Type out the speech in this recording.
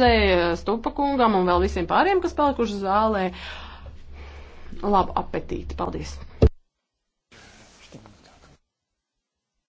Eh, Stupa kungam un vēl visiem pāriem, kas palikuši zālē. Labu apetīti! Paldies!